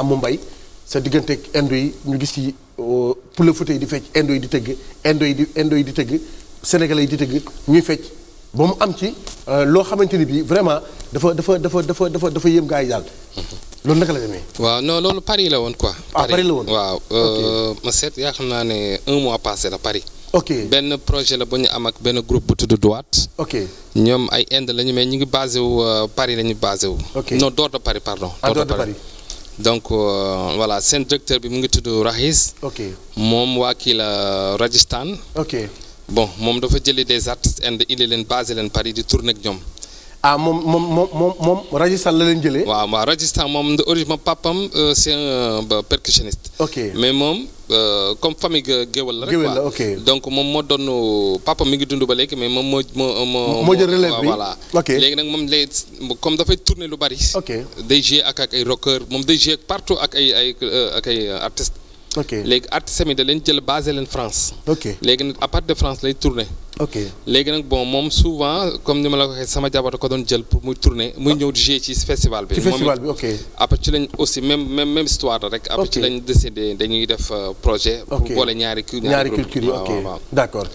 amu mbay sa diggante ak indo yi ñu gis ci euh, pour le foot yi di fecc indo yi di tëgg indo yi di indo yi di tëgg sénégalais yi di tëgg ñuy fecc ba mu am ci euh, loo xamante ni bii vraiment dafa dafa dafa dafa dafa dafa yéem gars yi daal loolu naka la demee. waaw non loolu Paris la woon quoi. ah Paris la woon waaw. Euh, ma seet yaa xam naa ne un mois passé la Paris. ok benn projet la bu ñu am ak benn groupe bu tudd Douate. ok ñoom ay Inde la ñu mais ñu ngi basé wu Paris la ñu basé wu. ok non dehors de Paris pardon. Ah, dehors de Paris donc euh, voilà seen directeur bi mu ngi tudd Rahis. ok moom waa kii la Rajasthan. ok bon moom dafa jëli des artistes inde indi leen basé leen Paris di tourner ak ñoom. ah moom moom moom moom Rajasthan la leen jëlee. waaw waaw Rajasthan moom de origine papam euh, c'est un euh, percussionniste. ok mais moom euh, comme famille géwel la. géwél la ok donc moom moo doon papam mi ngi dund ba léegi mais moom moo moo. moo jël relève bi voilà. ok léegi nag moom lay comme dafay tourner lu bari. ok day jouer ak ak ay rockeur moom day jouer partout ak ay ay ak ay artistes. ok léegi artistes yi da leen jël basé leen France. ok léegi nag de France lay tourner. ok léegi nag bon moom souvent comme ni ma la ko waxee sama jabar ko doon jël pour muy tourner muy ah. ñëw di jouer ci festival bi. ci festival bi ok après ci lañ aussi même même même histoire rek. après ci lañ décidé dañuy def euh, projet. pour boole ñaari. ñaari culture yi ok d'accord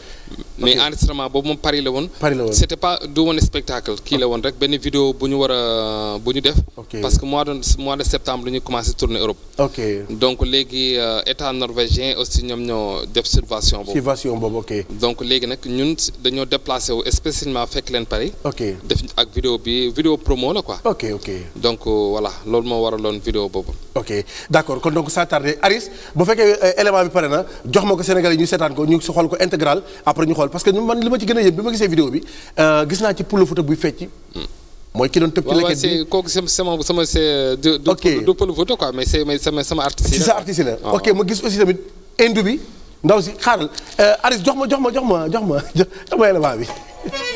mais en enregistrement boobu moom Paris la woon. Paris la woon c' était pas du woon spectacle. kii la woon rek benn vidéo bu ñu war a bu ñu def. parce que mois de mois de septembre la ñu commencé tourner Europe. ok donc léegi euh, état norvégien aussi ñoom ñoo def subvention boobu. subvention boobu ok. donc léegi nag ñun dañoo déplacé wu spécialement fekk leen Paris. ok def ak vidéo bi vidéo promo la quoi. ok ok donc wala euh, loolu moo waraloon vidéo boobu. ok d'accord kon donc ça tardé Aris bu fekkee euh, élément bi pare na jox ma ko Sénégal yi ñu seetaan ko ñu xool ko intégral après ñu xool parce que man li ma ci gën a yëg bi ma gisee vidéo bi euh, gis naa ci poule foot buy fecc mooy ki doon tëb ci lekket bi kooku sama sama c'est du euh, du poule foot quoi mais c'est mais sama la. ci sa artiste la ok ma gis aussi tamit indu bi ndaw si xaaral Aris jox ma jox ma jox ma jox ma jox ma élément bi.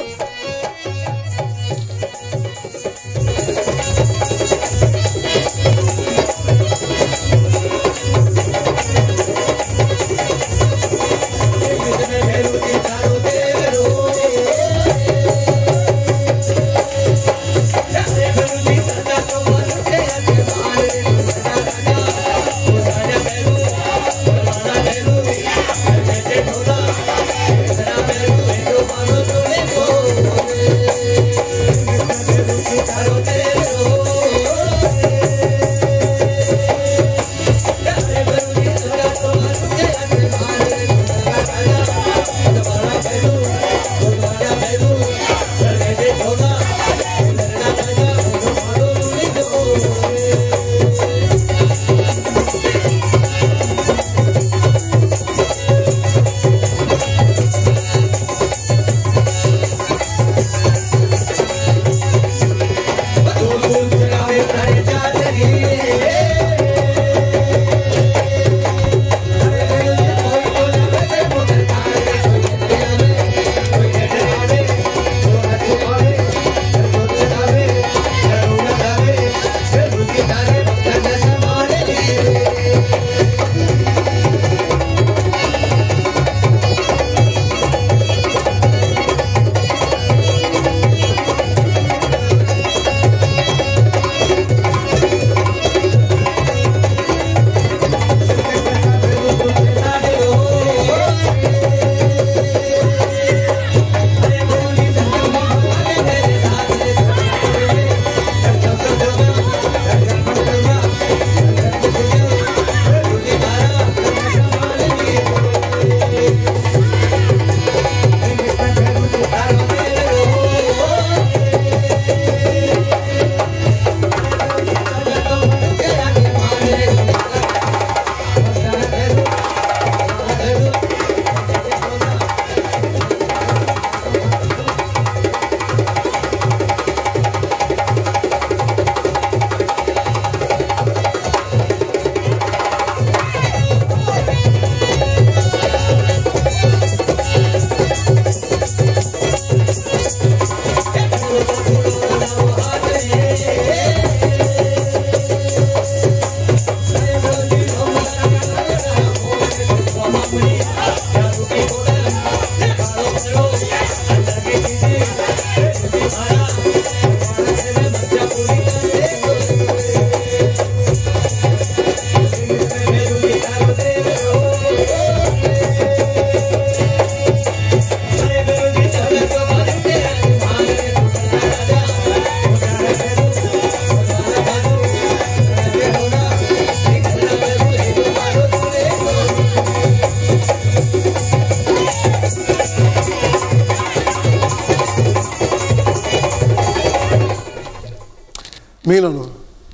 mi ngi noonu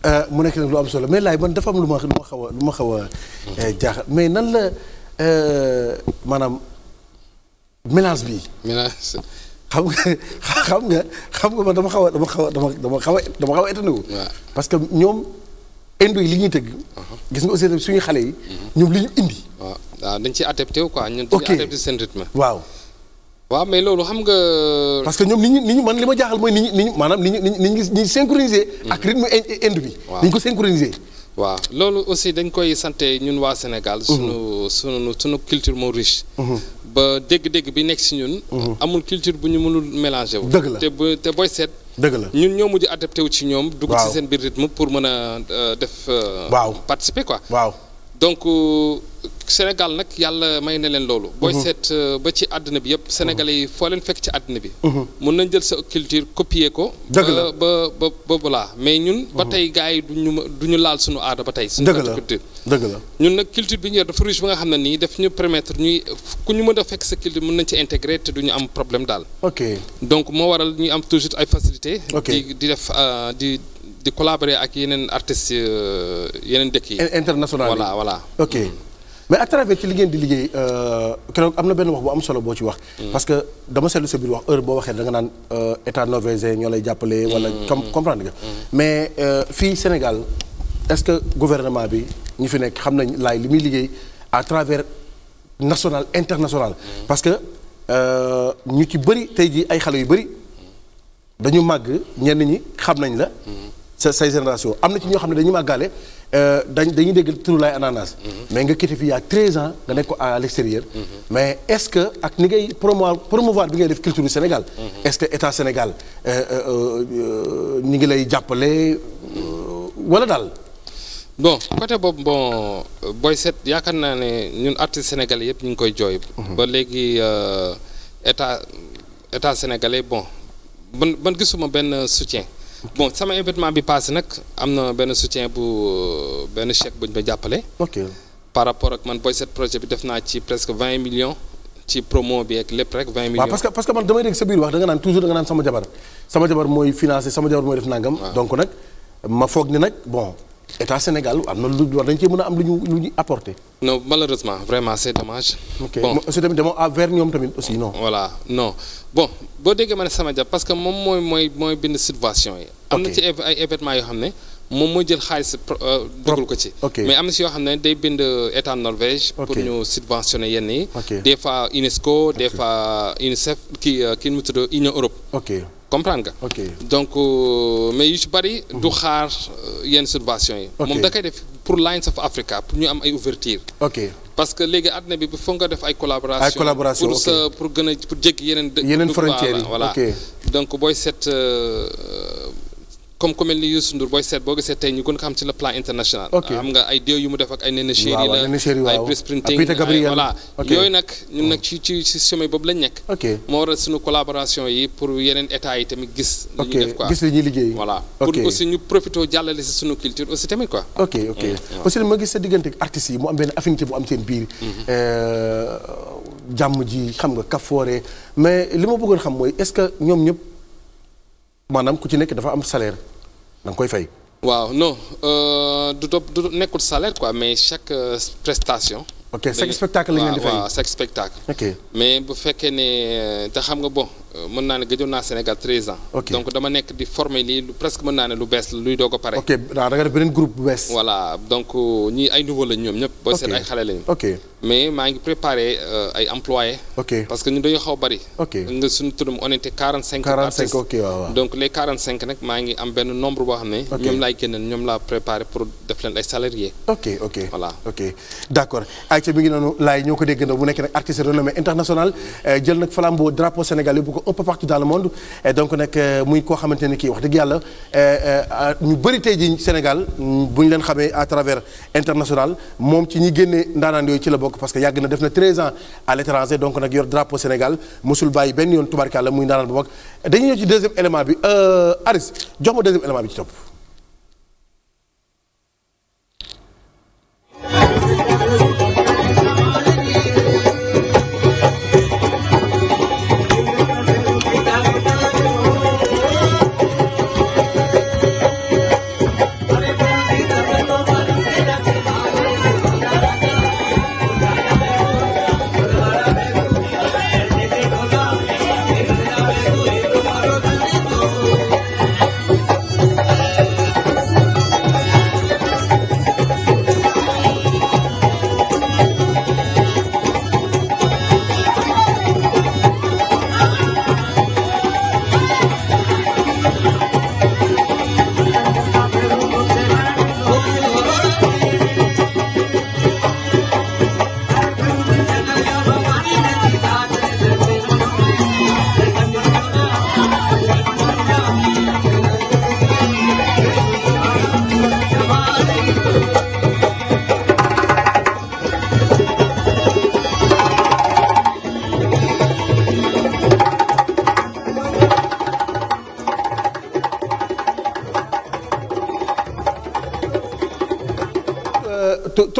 euh, mu nekk nag lu am solo mais laay man dafa am lu ma lu ma xaw a lu xaw a euh, jaaxal mais nan la euh, maanaam mélange bi. mélange. xam nga xam nga xam nga man dama xaw a dama xaw a dama dama xaw dama xaw a étonné parce que ñoom indo yi li ñuy tëgg. Uh-huh. gis nga aussi suñu xale yi. Mm-hmm. ñoom li ñu indi. waaw dañ ci adapté ko quoi. ñun dañuy adapté seen rythme. waaw. waaw mais loolu xam nga. parce que ñoom ni ñu ni ñu man li ma jaaxal mooy ni ñu ni ñu maanaam ni ñu ni ñu ni ñu synchronisé. Hmm. ak rythme indi bi. ni ñu ko synchronisé. waaw loolu aussi dañ koy sante ñun waa Sénégal. Hmm. sunu sunu sunu culture moo riche. Hmm. ba dégg-dégg bi nekk si ñun. amul culture bu ñu mënul mélangé wu. dëgg la te bu te booy seet. dëgg la ñun ñoo mujj adapté wu ci ñoom. dugg ci seen biir rythme pour mën a euh, def. Euh, waaw participer quoi. waaw euh, Sénégal nag yàlla may na leen loolu. booy mhm. seet euh, ba ci àddina bi yëpp. Sénégalais yi foo leen fekk ci àddina bi. Mhm. mun nañ jël sa culture copier ko. Euh, ba ba ba balaa mais ñun. ba mhm. tey gars yi du ñu du ñu laal suñu aada ba tey. suñu culture dëgg la ñun nag culture bi ñu yor dafa riche ba nga xam ne nii daf ñu permettre ñuy ku ñu mën a fekk sa culture mun nañ ci intégrer te du ñu am problème daal. ok donc moo waral ñuy am toujours ay facilité. di di def euh, di. di collaborer ak yeneen artistes yeneen dëkk yi. international voilà mm. mais à travers ci li ngeen di liggéey euh, keroog am na benn wax bu am solo boo ci wax. Mm. parce que dama seetlu sa biir wax heure boo waxee da nga naan euh, état norvégien ñoo lay jàppale. wala mm. comprendre nga. Mm. mais euh, fii Sénégal est-ce que gouvernement bi ñu fi nekk xam nañ laay li muy liggéey à travers national international. parce que ñu ci bëri tey jii ay xale yu bëri dañu màgg ñenn ñi xam nañ la. sa say génération am na ci ñoo xam ne dañu màggaale. Euh, dañ dañuy dégg turu laay ananas. mais nga quitté fi il y a ans nga nekk ko à l'extérieur. mais est-ce que ak ni ngay promouvoir promouvoir bi ngay def culture du Sénégal. est-ce que état Sénégal euh, euh, ñu ngi lay jàppale wala daal. bon côté boobu bon booy seet yaakaar naa ne ñun artistes sénégalais yëpp ñu ngi koy jooy. ba léegi état état sénégalais bon man man gisuma benn soutien. bon sama événement bi passé nag am na benn soutien bu euh, benn chèque bu ñu ma jàppale. ok par rapport ak man booy seet projet bi def naa ci presque vingt millions. ci promo bi ak lépp rek 20 millions. waaw parce que parce que man damay dégg sa biir wax da nga naan toujours da nga naan sama jabar sama jabar mooy financé sama jabar mooy def nangam. donc nag ma foog ni nag bon état Sénégal am na lu war dañ cee mën a am lu ñu apporté. non malheureusement vraiment c' est dommage. Okay. bon aussi tamit dama ah, vers tamit aussi no voilà non bon boo déggee ma ne sama jàpp parce que moom mooy mooy mooy bind subvention yi. am na ci ay yoo xam ne moom mooy jël xaalis euh, dugal ko ci. mais am na si yoo xam ne day bind euh, état Norvège. pour ñu subventionner yenn yi. des fois UNESCO des fois UNICEF kii euh, ki nu mu tudd Union Europe. comprendre nga. donc euh, mais yu ci bari. du xaar euh, yenn subventions yi. moom da koy def pour Lines of Africa pour ñu am ay ouverture ok parce que léegi àddina bi foog nga def ay collaboration ay collaboration pour sa pour gën a pour jéggi yeneen. yeneen frontières donc booy set euh, comme ku mel ni Youssou Ndour booy seet boo gisee tey ñu gën xam ci le plan international. xam nga ay déew yu mu def ak ay Néné Chéri la ay press printing voilà yooyu nag ñun nag oh. ci ci ci chemin lañ nekk. ok moo waral suñu collaboration yi pour yeneen état yi tamit gis. li ñu def quoi liggéey. voilà pour aussi ñu profité jàllale si suñu culture aussi tamit quoi. ok ok mm, aussi ma gis sa diggante artistes yi mu am benn affinité bu am seen biir. Mm-hmm. Euh, jàmm ji xam nga kafoore mais li bëggoon xam mooy est-ce ñoom ñëpp. maanaam ku ci nekk dafa am salaire danga koy fay. waaw non euh, du doo du nekkul salaire quoi mais chaque euh, prestation. ok chaque spectacle la ñu leen di fay spectacle. ok mais bu fekkee ne euh, te xam nga bo mën naa ne gëjoon naa Sénégal 13 ans. donc dama nekk di former lii presque mën naa ne lu bees luy doog ko pare. ok da nga def beneen groupe bu bees. voilà donc ñii ay nouveau lañ ñoom ñëpp. boo seet ay xale lañu. mais maa ngi préparé euh, ay employés. ok parce que ñun dañoo xaw bari. ok nga suñu turam on était quarante cinq. quarante cinq ok waaw donc les quarante cinq nag maa ngi am benn nombre boo xam ne. ñoom laay génneel ñoom laa préparé pour def leen ay salariés. ok ok noonu laay bu nekk international euh, jël nag flambeau drapeau sénégalais bu ko ëpp partout dans le monde donc nag euh, muy koo xamante kii wax dëgg yàlla ñu bëri tey ji Sénégal bu ñu leen xamee à travers international moom ci bokk parce que yàgg na def na 13 ans à l'étranger donc nag yor drapeau Sénégal mosul bàyyi benn yoon tubarkalla muy ndaanaan bu mag dañuy ñëw ci deuxième élément bi euh, Aris jox ma deuxième élément bi ci topp.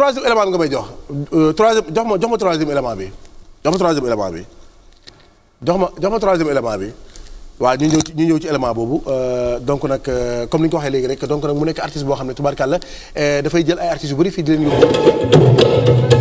troisième élément bi nga may jox euh, troisième jox ma jox ma troisième élément bi jox ma troisième bi jox ma jox ma troisième bi waa ñu ñëw ñu ñëw ci élément boobu euh, donc nag euh, comme ni ñu ko waxee léegi rek donc nag mu nekk artiste boo xam ne tubaarkàlla dafay jël ay artistes yu bëri fii di leen yóbbu.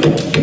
Thank you.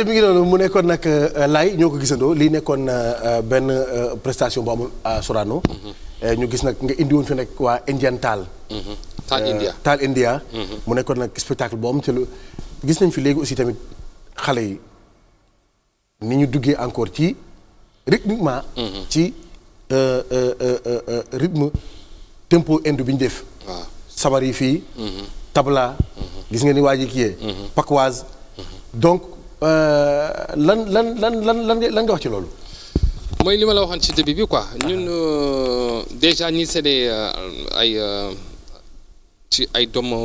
mi ngi noonu mu nekkoon nag euh, lay ñoo ko gisandoo lii nekkoon euh, benn euh, prestation bu amul Sorano. Mm-hmm. ñu gis nag nga indi woon fi waa Indian Taal. Mm-hmm. Taal India mm-hmm. mu nekkoon nag spectacle boo am ci lu gis nañ fi léegi aussi tamit xale yi ni ñu duggee encore ci rythmiquement. ci rythme tempo indi bi ñu def. waaw fii. tabla. gis nga ni waa ji kii donc. Euh, lan lan lan lan lan lan nga wax ci loolu. mooy li ma la waxoon ci début bi quoi ñun euh, déjà ñi seddee euh, ay ci ay doomu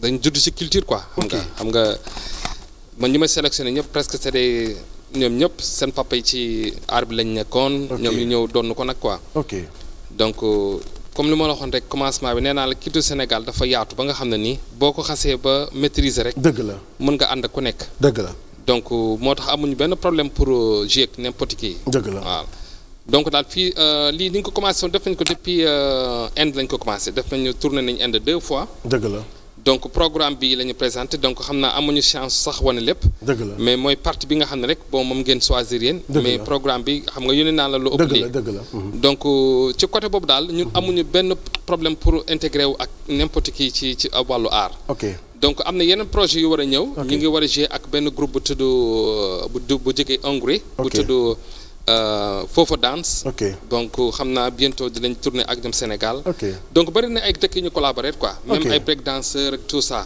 dañ judd ci culture quoi. xam nga xam nga man ñu ma sélectionné ñëpp presque seddee ñoom ñëpp seen papa yi ci aar lañ nekkoon. ñoom ñu ñëw doon ko nag quoi. donc. comme li ma la waxoon rek commencement bi nee naa la culture Sénégal dafa yaatu ba nga xam ne nii boo ko xasee ba maîtriser rek. dëgg la mën nga ànd ak ku nekk. dëgg la donc euh, moo tax amuñu benn problème pour jouer euh, ak n'importe qui. dëgg la waaw donc daal fii euh, lii ni ko commencé woon def nañ ko depuis Inde lañ ko commencé def nañu tourné nañ Inde deux fois. dëgg la. donc programme bi la ñu présenté donc xam naa amuñu chance sax wane lépp. dëgg la mais mooy partie bi nga xam ne rek bon moom geen choisir yéen. mais programme bi xam nga yónnee naa la lu ëpp lii. dëgg la mm-hmm. Mm-hmm. donc euh, ci côté boobu daal ñun mm-hmm. amuñu benn problème pour intégrer wu ak n'importe qui ci ci wàllu aar. ok donc am na yeneen projet yu war a ñëw. ñu ngi war a jouer ak benn groupe bu tudd euh, bu bu jógee Hongrie. bu tudd. Euh, foofa dance donc xam naa bientôt dinañ tourner ak ñoom Sénégal donc bari na ay dëkk yu ñu collaborer quoi même ay break danseur ak tout ça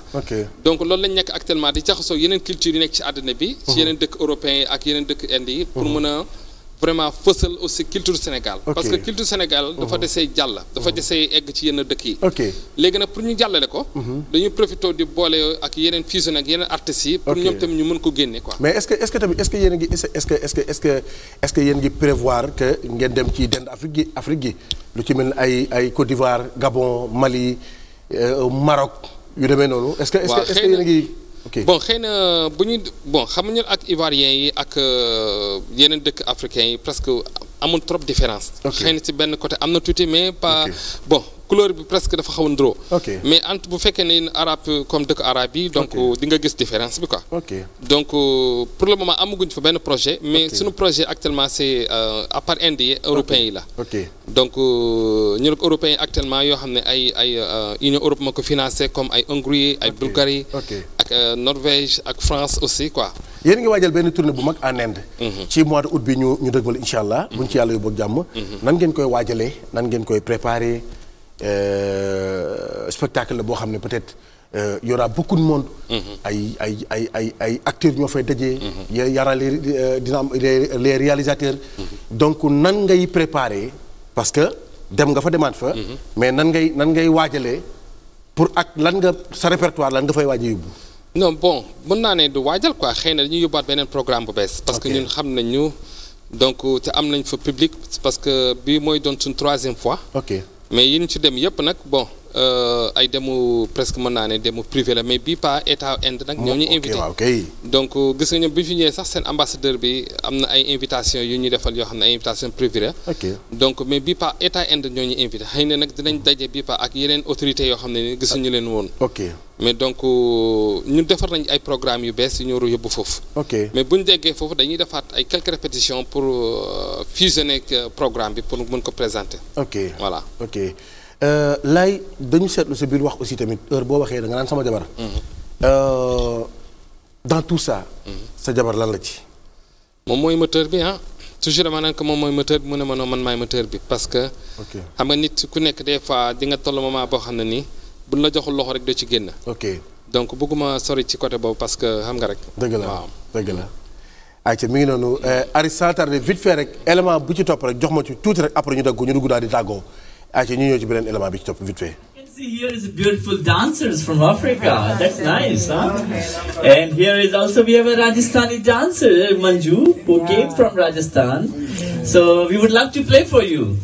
donc loolu lañ nekk actuellement di jaxasoo yeneen culture yi nekk ci àddina bi uh-huh. ci yeneen dëkk européens yi ak yeneen dëkk inde yi pour uh-huh. mën vraiment fësal aussi culture Sénégal. parce que culture Sénégal dafa uh-huh. desee jàll. dafa uh-huh. desee egg ci yenn dëkk yi. ok léegi nag pour ñu jàllale ko. Uh-huh. dañuy profité di boole ak yeneen fusion ak yeneen artistes yi. pour ñoom tamit ñu mën ko génne quoi. mais est ce que tamit est ce que yéen ngi prévoir que ngeen dem ci dend Afrique gi Afrique gi lu ci mel ni ay ay Côte d'Ivoire Gabon Mali euh, Maroc yu demee noonu. est ce que est ce que yéen ngi. bon xëy na bu ñu bon xam ñu ak ivoiriens yi ak euh, yeneen dëkk africains yi presque amul trop différence. xëy na benn côté am na tuuti mais pas bon. couleur bi presque dafa xaw a ndroo mais ant bu fekkee ne arabe comme dëkk arabe yi donc di nga gis différence bi quoi donc euh, pour le moment amaguñ fa benn projet mais suñu projet actuellement c'est euh, à part inde yi européens yi la donc ñu nag européens yi actuellement yoo xam ne ay ay Union Europe ma ko financé comme ay Hongrie ay Bulgarie ak euh, Norvège ak France aussi quoi. yéen ngi waajal benn tournée bu mag en Inde. Mhm. ci mois de août bi ñu ñu dëgmal incha allah. Mhm. buñ ci yàlla yóbbu jàmm. Mhm. nan ngeen koy waajale nan ngeen koy préparer euh, spectacle la boo xam ne peut-être. Euh, y aura beaucoup de monde. ay ay ay ay ay acteurs ñoo fay dajee. y euh, dina am les réalisateurs. donc nan ngay préparer. parce que dem nga fa demaat fa. mais nan ngay nan ngay waajalee pour ak lan nga sa répertoire lan nga fay waaj a yóbbu. non bon mën naa ne du waajal quoi xëy na dañuy yóbbaat beneen programme bu bees. parce que ñun xam nañ ñu donc euh, te am nañ fa public parce que bii mooy doon suñ troisième fois. ok mais yi ñu ci dem yëpp nag bon. Euh, ay demu presque mën naa ne demu privé la mais bii pas état Inde nag. ñoo ñu invité donc euh, gis nañu bi ñu fi ñëwee sax seen ambassadeur bi am na ay invitation yu ñuy defal yoo xam ne ay invitation privée la. donc mais bii pas état Inde ñoo ñu invité xëy ne nag dinañ daje bii pas ak yeneen autorités yoo xam ne ni nañu leen woon. mais donc euh, ñun defar nañ ay programmes yu bees yu ñëw yóbbu foofu. ok mais bu ñu déggee foofu dañuy defaat ay quelques répétitions pour fusionner programme bi pour mën ko présenter. ok voilà ok. Euh, lay dañu seetlu sa biir wax aussi tamit heure boo waxee da nga naan sama jabar. Mhm. Euh, dans tout ça. Mhm. sa jabar lan la ci. moom mooy moteur bi ah toujours dama naan ko moom mooy moteur bi mu ne ma man maay moteur bi parce que. xam nga nit ku nekk des fois di nga toll moment boo xam ne nii bu la joxul loxo rek doo ci génn. ok donc bëgguma sori ci côté boobu parce que xam nga rek. dëgg la waaw dëgg la. ayca mu ngi noonu euh, Aris sans tarder vite rek élément bu ci topp rek jox ma ci tuuti rek après ñu dagg ñu dugg daal di tàggoo. ayca ah, ñu ñëw ci beneen élément Here is beautiful dancers from Africa. Ah, that's nice, And here is also a Rajasthani dancer, Manju, who from Rajasthan. So we would love to play for you.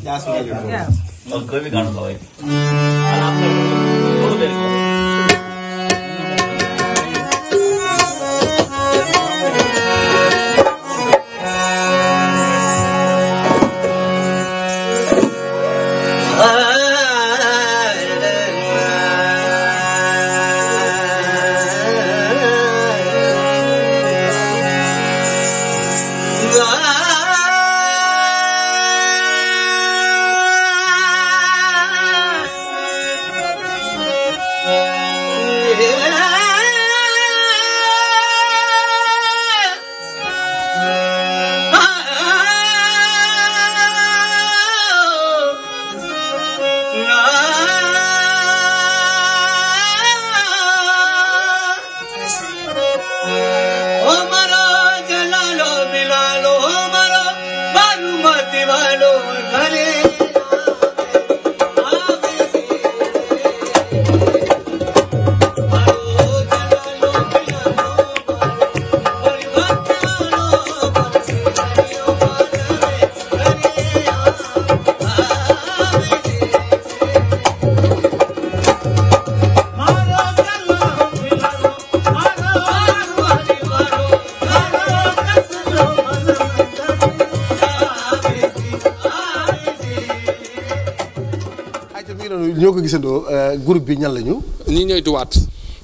ñoo ko gisandoo euh, groupe bi ñan lañu. ñii ñooy duwaat.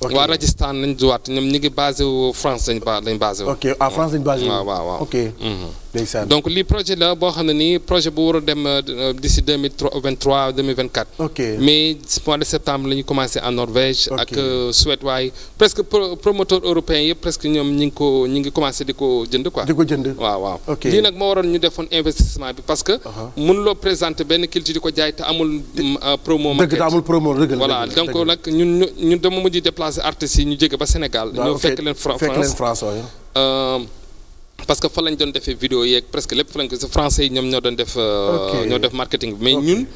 ok waa Rajasthan lañ duwaat ñoom ñi ngi basé wu France lañ ba lañ basé wu. ok ah France lañ basé wu. waaw waaw waaw ok. Mm-hmm. donc li projet la boo xam ne nii projet bu war a dem euh, d'ici deux mille vingt trois deux mille vingt quatre. mais mois de septembre la ñu commencé en Norvège. ak euh, Suède waaye presque promoteur européen yëpp presque ñoom ñi ngi ko ñi ngi commencé di ko jënd quoi. di ko jënd waaw waaw. ok lii nag moo waroon ñu defoon investissement bi parce que. Uh-huh. mënuloo présenter benn culture di ko jaay te amul. Mm, euh, promo market dëgg la amul promo dëgg la voilà donc nag ñun ñun dama mujj déplacer artistes yi ñu jóge ba Sénégal. ñoo fekk leen France fekk leen France parce que fa lañ doon defee vidéo yeeg presque lépp fa lañ ko si français ñoom ñoo doon def. Euh, ñoo def marketing bi mais ñun.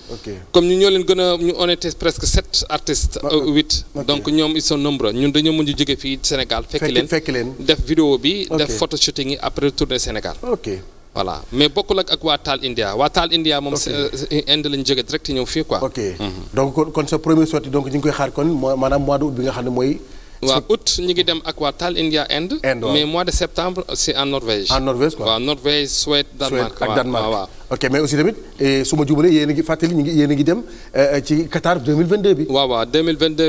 comme ñu ñoo leen gën a ñu on était presque sept artistes. Euh, huit donc ñoom ils sont nombreux ñun dañoo mujj jóge fii Sénégal. fekk leen fekk leen def vidéo bi. def photo shooting yi après tourner Sénégal. ok voilà mais bokkul ak waa Taal India waa Taal India moom. Euh, Inde lañ jóge direct ñëw fii quoi. ok mhm. donc kon sa première sortie donc ñu ngi koy xaar kon maanaam mois d'août ne mooy. waaw août ñu ngi dem ak waa Tal India Inde. Inde mais mois de septembre c'est en Norvège. en Norvège quoi waaw Norvège Suède Danemark. Suède ok mais aussi tamit eh, su ma jubalee yéen a ngi fàttali ñu ngi yéen dem eh, eh, ci Qatar bi. waaw waaw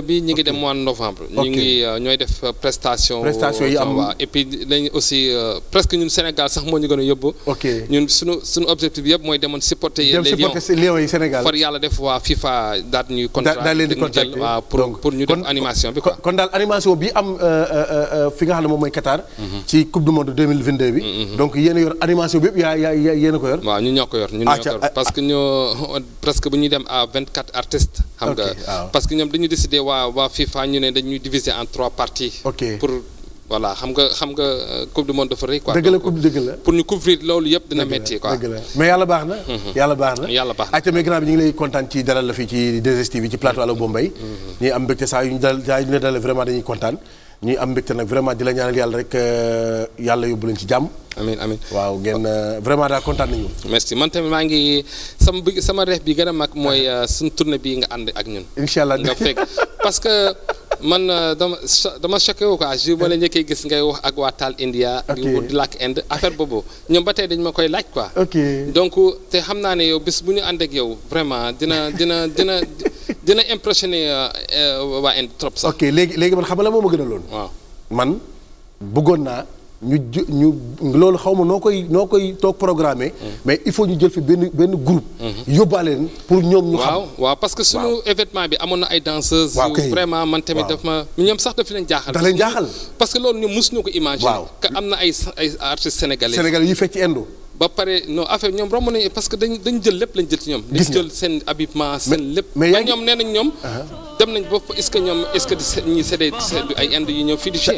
bi ñu ngi dem mois novembre. ñu ngi euh, ñooy def euh, prestation. prestation yi am et puis dañ aussi euh, presque ñun Sénégal sax moo ñu gën a yóbbu. ok ñun suñu objectif yëpp mooy demoon supporter. les Lions dem supporter Lions yi Sénégal. far yàlla def waa FIFA daat ñuy. contrat daal pour ñu def animation bi quoi. kon daal animation bi am fi nga xam ne moom mooy Qatar. Mm-hmm. ci coupe du monde bi. Mm-hmm. donc yéen yor animation bi yëpp yaa ñoo parce que ñoo presque bu ñuy dem à vingt quatre artistes xam nga parce que ñoom dañu décider waa FIFA ñu ne dañuy diviser en trois parties pour voilà xam nga xam nga euh, coupe du monde dafa rëy quoi. la coupe dëgg la pour ñu couvrir loolu yëpp dina métti quoi. mais mhm. yàlla baax na. yàlla baax na yàlla baax na. ayca mais bi ñu lay kontaan ci dalal la fii ci 2 ci plateau Allô Bombay. ñu mhm. am mbégte saa yu ñu dal saa yu ñu la vraiment dañuy kontaan. ñuy am mbégte nag vraiment di la ñaanal yàlla rek euh, yàlla yóbbu lañ ci jàmm. amiin amiin waaw ngeen euh, vraiment daal kontaan nañu. merci man tamit maa ngi sama bi sama rêve bi gën a mag mooy euh, suñu tournée bii nga ànd ak ñun. incha allah nga fekk parce man euh, dama dama choqué wu quoi jour ma la eh. njëkkee gis ngay wax ak waa Taal India. di wut làkk Inde affaire boobu ñoom ba tey dañu ma koy laaj quoi. donc te xam naa ne yow bis bu ñu ànd ak yow vraiment dina dina dina dina impressionné euh, euh, waa Inde trop sax. ok léegi léegi man xam nga la moo ma gën a loon. waaw man bëggoon naa. ñu ñu loolu xaw ma noo koy noo koy toog programme mm-hmm. mais il faut ñu jël fi benn benn groupe. Mm-hmm. yóbbaale leen pour ñoom ñu. xam parce que suñu événement bi amoon na ay danseuses. vraiment man tamit daf ma. ñoom sax daf leen jaaxal. da leen jaaxal. parce que loolu ñoom mosuñu ko imaginer. waaw que am na ay ay artistes sénégalais. sénégalais yi fecc ci indo. ba pare non affaire ñoom romb nañu parce que dañ dañ jël lépp lañ jël ci ñoom. dañ jël seen habillement seen lépp. mais ñoom nee nañ ñoom. Uh-huh. dem nañ bopp est-ce que ñoom est que di.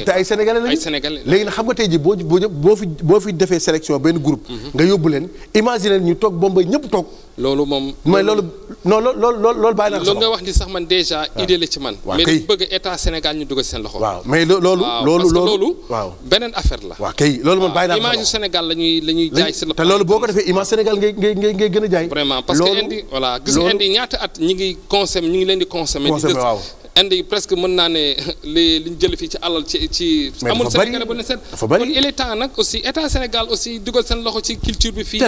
te ay sénégalais lañu ay léegi nag xam nga tey jii boo fi defee sélection benn groupe. Mm-hmm. nga yóbbu leen imaginer ñu toog Bombay ñëpp toog. loolu moom mooy loolu. non lool lool loolu bàyyi naa loolu nga wax ni sax man déjà idée la ci man mais dañ bëgg état Sénégal ñu dugal seen loxo waaw mais loolu loolu loolu waaw beneen affaire la waaw kay loolu man bàyyi naa image Sénégal la ñuy jaay te loolu boo ko defee image Sénégal ngay ngay ngay a jaay vraiment parce que indi voilà gis indi ñaata at ñi ngi consommer ñi ngi leen di consommer waaw Inde yi presque mën naa ne li li ñu jël fii ci alal ci ci. amul Sénégal bu ne seet kon il est nag état Sénégal aussi dugal seen loxo ci culture bi fii.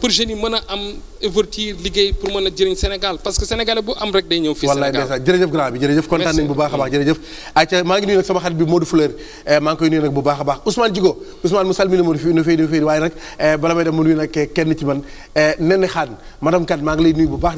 pour jeunes mën a am ouverture liggéey pour mën a jëriñ Sénégal parce que Sénégalais bu am rek day ñëw fii Sénégal wallaay jërëjëf grand bi jërëjëf kontaan nañ bu baax a baax jërëjëf ayca maa ngi nuyu nag sama xarit bi Modou Fleur eh, maa ngi koy nuyu nag bu baax a baax Ousmane Djigo Ousmane mu salmi la Modou bu baax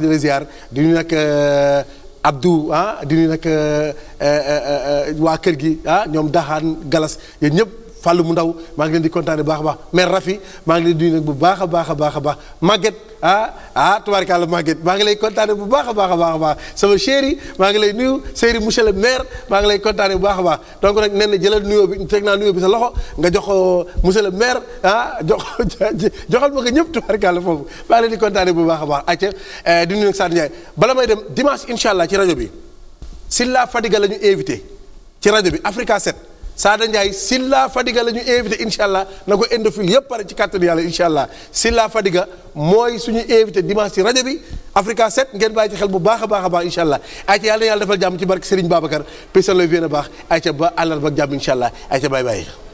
di Abdou ah di nuyu nag eh, eh, eh, waa kër gi ah ñoom Daxaan Galas yéen ñëpp fàllu mu ndaw maa ngi leen di kontaane baax a baax mais Rafi maa ngi leen di nuyu nag bu baax a baax a baax a baax Maguette ah ah tubaarkàlla Maguette maa ngi lay kontaane bu baax a baax a baax a baax sama chéri maa ngi lay nuyu chéri monsieur le maire maa ngi lay kontaane bu baax a baax donc nag nen na jëlal nuyoo bi teg naa nuyoo bi sa loxo nga jox ko monsieur le maire ah, jox joxal ma ko ñëpp tubaarkàlla foofu maa ngi leen di bu baax a baax acca eh, di nuyu nag Sadio Ndiaye bala may dem dimanche incha allah ci rajo bi Silla Fadiga la ñu invité ci rajo bi Africa 7 Sada Ndiaye Silla Fadiga la ñu invité incha allah na ko indofil yëpp pare ci kàttanu yàlla incha allah Silla Fadiga mooy suñu invité dimanche ci rajo bi Africa 7 ngeen bàyyi ci xel bu baax a baax a baax incha allah ayca yàlla na yàlla defal jàmm ci barke Serigne Babacar Pisaloy Vienne a baax ayca ba àllarba ak jàmm incha allah ayca bàyyi bàyyi